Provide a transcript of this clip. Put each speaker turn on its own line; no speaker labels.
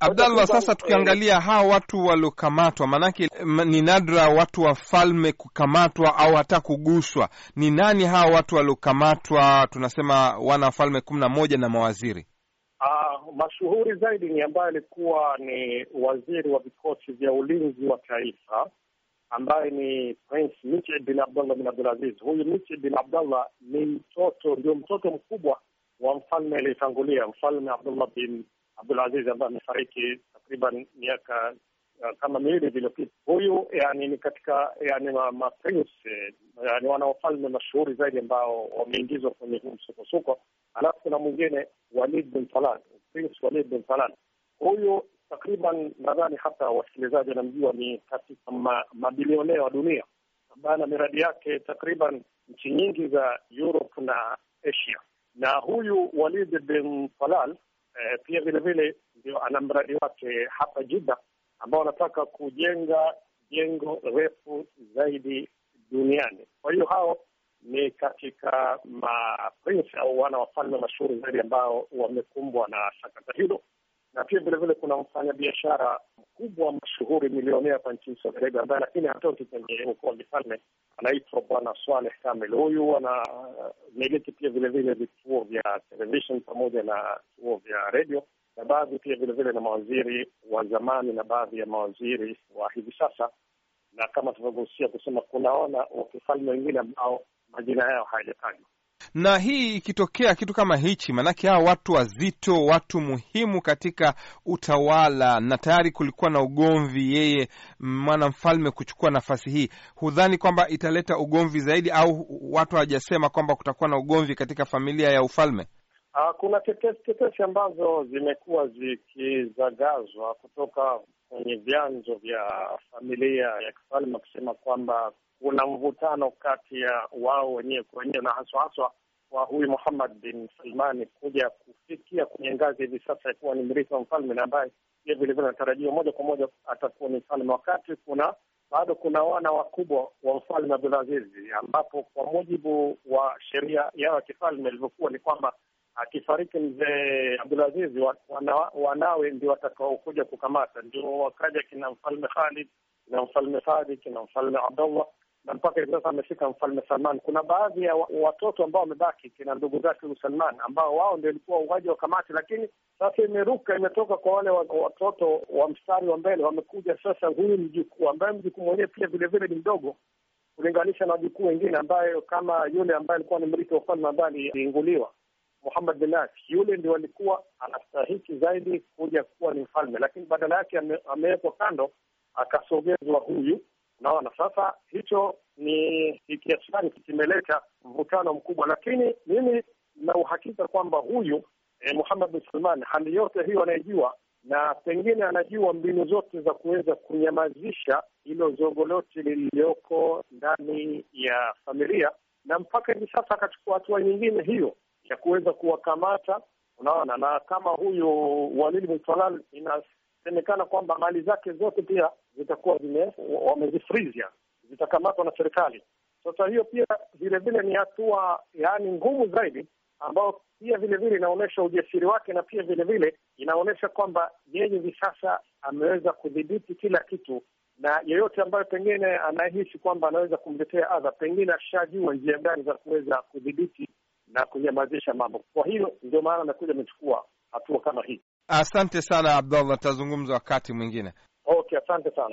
Abdallah, sasa tukiangalia eh, hawa watu waliokamatwa, maanake eh, ni nadra watu wafalme kukamatwa au hata kuguswa. Ni nani hawa watu waliokamatwa? Tunasema wana wafalme kumi na moja na mawaziri. Uh, mashuhuri zaidi ni ambaye alikuwa ni waziri wa vikosi vya ulinzi wa taifa ambaye ni Prince Miche bin Abdullah bin Abdulaziz. Huyu Miche bin Abdallah ni mtoto, ndio mtoto mkubwa wa mfalme aliyetangulia, mfalme Abdullah bin Abdul Aziz ambaye amefariki takriban miaka uh, kama miwili iliyopita. Huyu yani ni katika yani maprince ma yani wanaofalme mashuhuri zaidi ambao wameingizwa kwenye huu msukosuko. Alafu kuna mwingine Walid bin Talal, Prince Walid bin Talal. Huyu takriban nadhani hata wasikilizaji wanamjua, ni katika mabilionea wa dunia ambaye ana miradi yake takriban nchi nyingi za Europe na Asia. Na huyu Walid bin Talal eh, pia vilevile ndio ana mradi wake hapa Jida ambao wanataka kujenga jengo refu zaidi duniani. Kwa hiyo hao ni katika maprince au wana wafalme mashuhuri zaidi ambao wamekumbwa na sakata hilo, na pia vilevile kuna mfanyabiashara mkubwa mashuhuri milionea hapa nchini Saudi Arabia, ambaye lakini hatoki kwenye ukoo wa mifalme, anaitwa Bwana Swaleh Kamel. Huyu anamiliki uh, pia vilevile vituo vya television pamoja na vituo vya redio na baadhi pia vilevile na mawaziri wa zamani na baadhi ya mawaziri wa hivi sasa, na kama tunavyohusia kusema, kunaona wakifalme wengine ambao majina yao hayajatajwa na hii ikitokea kitu kama hichi, maanake hawa watu wazito, watu muhimu katika utawala, na tayari kulikuwa na ugomvi, yeye mwanamfalme kuchukua nafasi hii, hudhani kwamba italeta ugomvi zaidi, au watu hawajasema kwamba kutakuwa na ugomvi katika familia ya ufalme? Ah, kuna tetesi tetesi ambazo zimekuwa zikizagazwa kutoka kwenye vyanzo vya familia ya kifalme kusema kwamba kuna mvutano kati ya wao wenyewe kwa wenyewe na haswa haswa wa huyu Muhammad bin Salmani kuja kufikia kwenye ngazi hivi sasa yakuwa kuwa ni mrithi wa mfalme na ambaye pia vilevile anatarajiwa moja kwa moja atakuwa ni mfalme, wakati kuna bado kuna wana wakubwa wa mfalme Abdulazizi, ambapo kwa mujibu wa sheria yao ya kifalme ilivyokuwa ni kwamba akifariki mzee Abdulazizi, wanawe ndio watakaokuja kukamata. Ndio wakaja kina mfalme Khalid, kina mfalme Fadi, kina mfalme Abdullah na mpaka hivi sasa amefika Mfalme Salman. Kuna baadhi ya watoto ambao wamebaki kina ndugu zake Salman, ambao wao ndio ilikuwa wauaji wa kamati, lakini sasa imeruka, imetoka kwa wale watoto wa mstari wa mbele, wamekuja sasa huyu mjukuu, ambaye mjukuu mwenyewe pia vilevile ni mdogo kulinganisha na wajukuu wengine, ambayo kama yule ambaye alikuwa ni mrithi wa ufalme ambaye aliinguliwa Muhammad bin Nayef, yule ndio alikuwa anastahiki zaidi kuja kuwa ni mfalme, lakini badala yake amewekwa kando, akasogezwa huyu Naona sasa hicho ni kiasi gani kimeleta mvutano mkubwa, lakini mimi na uhakika kwamba huyu eh, Muhammad bin Salman hali yote hiyo anayejua na pengine anajua mbinu zote za kuweza kunyamazisha hilo lote lililoko ndani ya familia, na mpaka hivi sasa akachukua hatua nyingine hiyo ya kuweza kuwakamata, unaona. Na kama huyu Walid bin Talal semekana kwamba mali zake zote pia zitakuwa zime wamezifrizia zitakamatwa na serikali. Sasa hiyo pia vilevile ni hatua yaani ngumu zaidi, ambayo pia vilevile inaonyesha ujasiri wake na pia vilevile inaonyesha kwamba yeye hivi sasa ameweza kudhibiti kila kitu, na yeyote ambayo pengine anahisi kwamba anaweza kumletea adha, pengine ashajua njia gani za kuweza kudhibiti na kunyamazisha mambo. Kwa hiyo ndio maana amekuja amechukua hatua kama hii. Asante sana Abdallah, tazungumza wakati mwingine. Okay, asante sana.